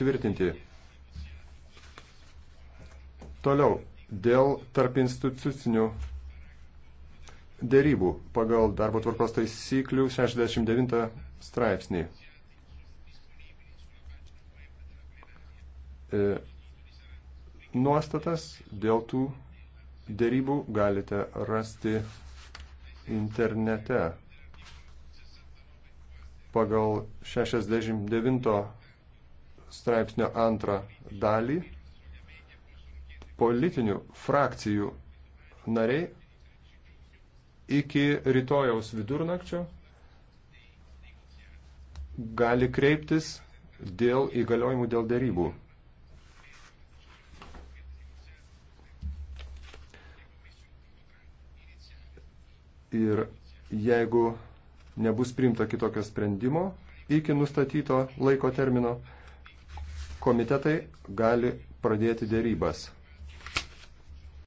tvirtinti. Toliau, dėl tarp institucinių dėrybų pagal darbo tvarkos taisyklių 69 straipsnį. E, nuostatas dėl tų dėrybų galite rasti internete pagal 69 straipsnio antrą dalį politinių frakcijų nariai iki rytojaus vidurnakčio gali kreiptis dėl įgaliojimų dėl dėrybų. Ir jeigu nebus priimta kitokio sprendimo iki nustatyto laiko termino, komitetai gali pradėti dėrybas.